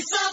voice of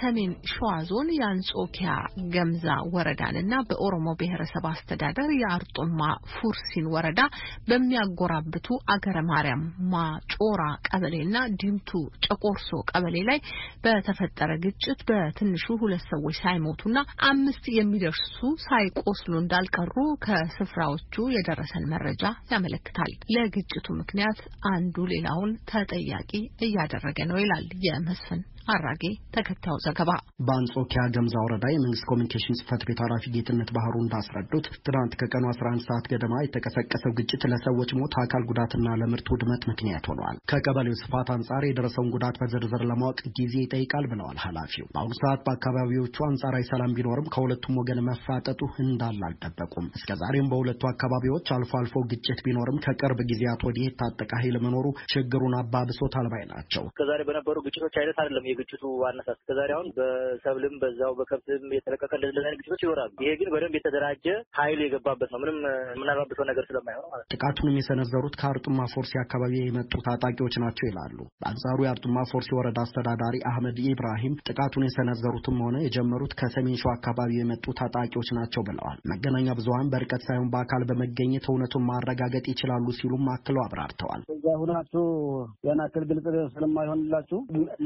ሰሜን ሸዋ ዞን የአንጾኪያ ገምዛ ወረዳንና በኦሮሞ ብሔረሰብ አስተዳደር የአርጦማ ፉርሲን ወረዳ በሚያጎራብቱ አገረ ማርያም ማጮራ ቀበሌና ዲምቱ ጨቆርሶ ቀበሌ ላይ በተፈጠረ ግጭት በትንሹ ሁለት ሰዎች ሳይሞቱና አምስት የሚደርሱ ሳይቆስሉ እንዳልቀሩ ከስፍራዎቹ የደረሰን መረጃ ያመለክታል። ለግጭቱ ምክንያት አንዱ ሌላውን ተጠያቂ እያደረገ ነው ይላል የመስፍን ሀራጌ ተከታዩ ዘገባ። በአንጾኪያ ገምዛ ወረዳ የመንግስት ኮሚኒኬሽን ጽህፈት ቤት ኃላፊ ጌትነት ባህሩ እንዳስረዱት ትናንት ከቀኑ 11 ሰዓት ገደማ የተቀሰቀሰው ግጭት ለሰዎች ሞት፣ አካል ጉዳትና ለምርት ውድመት ምክንያት ሆኗል። ከቀበሌው ስፋት አንጻር የደረሰውን ጉዳት በዝርዝር ለማወቅ ጊዜ ይጠይቃል ብለዋል ኃላፊው። በአሁኑ ሰዓት በአካባቢዎቹ አንጻራዊ ሰላም ቢኖርም ከሁለቱም ወገን መፋጠጡ እንዳለ አልጠበቁም። እስከ ዛሬም በሁለቱ አካባቢዎች አልፎ አልፎ ግጭት ቢኖርም ከቅርብ ጊዜያት ወዲህ የታጠቀ ኃይል መኖሩ ችግሩን አባብሶታል ባይ ናቸው። እስከዛሬ በነበሩ ግጭቶች አይነት አይደለም ግጭቱ አነሳስ እስከዛሬ አሁን በሰብልም በዛው በከብትም የተለቀቀ እንደዚህ አይነት ግጭቶች ይኖራሉ። ይሄ ግን በደንብ የተደራጀ ኃይል የገባበት ነው። ምንም የምናራብሰው ነገር ስለማይሆን ማለት ነው። ጥቃቱንም የሰነዘሩት ከአርጡማ ፎርሲ አካባቢ የመጡ ታጣቂዎች ናቸው ይላሉ። በአንጻሩ የአርጡማ ፎርሲ ወረዳ አስተዳዳሪ አህመድ ኢብራሂም ጥቃቱን የሰነዘሩትም ሆነ የጀመሩት ከሰሜን ሸዋ አካባቢ የመጡ ታጣቂዎች ናቸው ብለዋል። መገናኛ ብዙሀን በርቀት ሳይሆን በአካል በመገኘት እውነቱን ማረጋገጥ ይችላሉ ሲሉም አክለው አብራርተዋል። እዛ ሁናችሁ ያን አክል ግልጽ ስለማይሆንላችሁ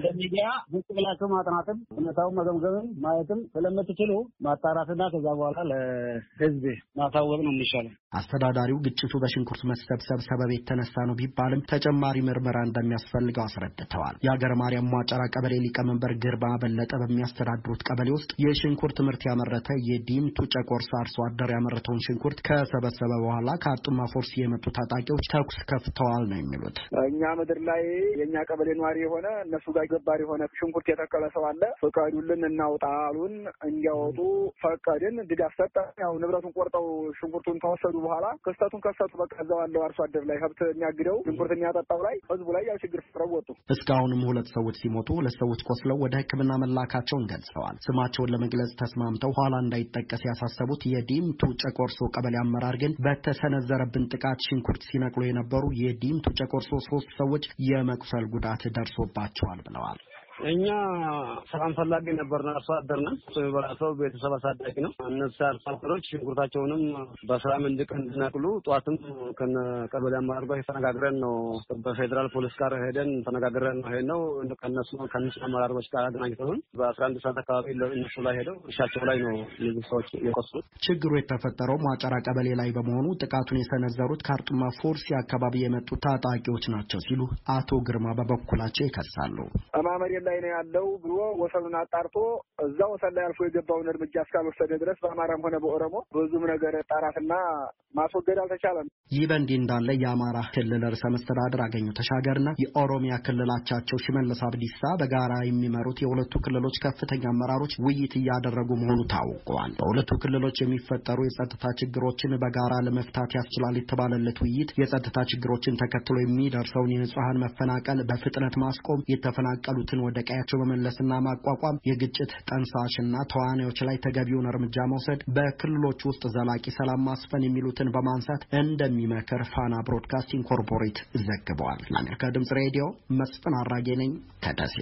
ለሚዲያ ቁጭ ብላችሁ ማጥናትም ሁኔታውን መገምገምም ማየትም ስለምትችሉ ማጣራትና ከዛ በኋላ ለህዝብ ማሳወቅ ነው የሚሻለው። አስተዳዳሪው ግጭቱ በሽንኩርት መሰብሰብ ሰበብ የተነሳ ነው ቢባልም ተጨማሪ ምርመራ እንደሚያስፈልገው አስረድተዋል። የሀገር ማርያም ሟጨራ ቀበሌ ሊቀመንበር ግርባ በለጠ በሚያስተዳድሩት ቀበሌ ውስጥ የሽንኩርት ምርት ያመረተ የዲምቱ ጨቆርሳ አርሶ አደር ያመረተውን ሽንኩርት ከሰበሰበ በኋላ ከአርጡማ ፎርስ የመጡ ታጣቂዎች ተኩስ ከፍተዋል ነው የሚሉት። እኛ ምድር ላይ የእኛ ቀበሌ ነዋሪ የሆነ እነሱ ጋር ገባር የሆነ ሽንኩርት የጠቀለ ሰው አለ። ፍቀዱልን እናውጣ አሉን። እንዲያወጡ ፈቀድን። ድጋፍ ሰጠ። ያው ንብረቱን ቆርጠው ሽንኩርቱን ተወሰዱ። በኋላ ክስተቱን ከሰቱ። በቃ እዛው አለው አርሶ አደር ላይ ሀብት የሚያግደው ሽንኩርት የሚያጠጣው ላይ ህዝቡ ላይ ያው ችግር ፈጥረው ወጡ። እስካሁንም ሁለት ሰዎች ሲሞቱ ሁለት ሰዎች ቆስለው ወደ ሕክምና መላካቸውን ገልጸዋል። ስማቸውን ለመግለጽ ተስማምተው ኋላ እንዳይጠቀስ ያሳሰቡት የዲምቱ ጨቆርሶ ቀበሌ አመራር ግን በተሰነዘረብን ጥቃት ሽንኩርት ሲነቅሉ የነበሩ የዲምቱ ጨቆርሶ ሶስት ሰዎች የመቁሰል ጉዳት ደርሶባቸዋል ብለዋል። እኛ ስራ ፈላጊ ነበር አርሶ አደር ነን። በራሰው ቤተሰብ አሳዳጊ ነው። እነዚህ አርሶ አደሮች ሽንኩርታቸውንም በሰላም እንድቀን እንድነቅሉ ጠዋትም ከቀበሌ አመራር ጋር ተነጋግረን ነው በፌዴራል ፖሊስ ጋር ሄደን ተነጋግረን ነው ሄድ ነው ከነሱ ከነሱ አመራሮች ጋር አገናኝተውን በአስራ አንድ ሰዓት አካባቢ እነሱ ላይ ሄደው እርሻቸው ላይ ነው ልዙ ሰዎች የቆሰሉት። ችግሩ የተፈጠረው ማጨራ ቀበሌ ላይ በመሆኑ ጥቃቱን የሰነዘሩት ካርጡማ ፎርሲ አካባቢ የመጡ ታጣቂዎች ናቸው ሲሉ አቶ ግርማ በበኩላቸው ይከሳሉ። ላይ ነው ያለው ብሎ ወሰኑን አጣርቶ እዛ ወሰን ላይ አልፎ የገባውን እርምጃ እስካልወሰደ ድረስ በአማራም ሆነ በኦሮሞ ብዙም ነገር ጣራትና ማስወገድ አልተቻለም። ይህ በእንዲህ እንዳለ የአማራ ክልል ርዕሰ መስተዳድር አገኘሁ ተሻገርና የኦሮሚያ ክልላቻቸው ሽመለስ አብዲሳ በጋራ የሚመሩት የሁለቱ ክልሎች ከፍተኛ አመራሮች ውይይት እያደረጉ መሆኑ ታውቋል። በሁለቱ ክልሎች የሚፈጠሩ የጸጥታ ችግሮችን በጋራ ለመፍታት ያስችላል የተባለለት ውይይት የጸጥታ ችግሮችን ተከትሎ የሚደርሰውን የንጹሐን መፈናቀል በፍጥነት ማስቆም የተፈናቀሉትን ወደ ቀያቸው መመለስና ማቋቋም፣ የግጭት ጠንሳሽና ተዋናዮች ላይ ተገቢውን እርምጃ መውሰድ፣ በክልሎች ውስጥ ዘላቂ ሰላም ማስፈን የሚሉትን በማንሳት እንደሚመክር ፋና ብሮድካስቲንግ ኮርፖሬት ዘግበዋል። ለአሜሪካ ድምጽ ሬዲዮ መስፍን አራጌ ነኝ ከደሴ።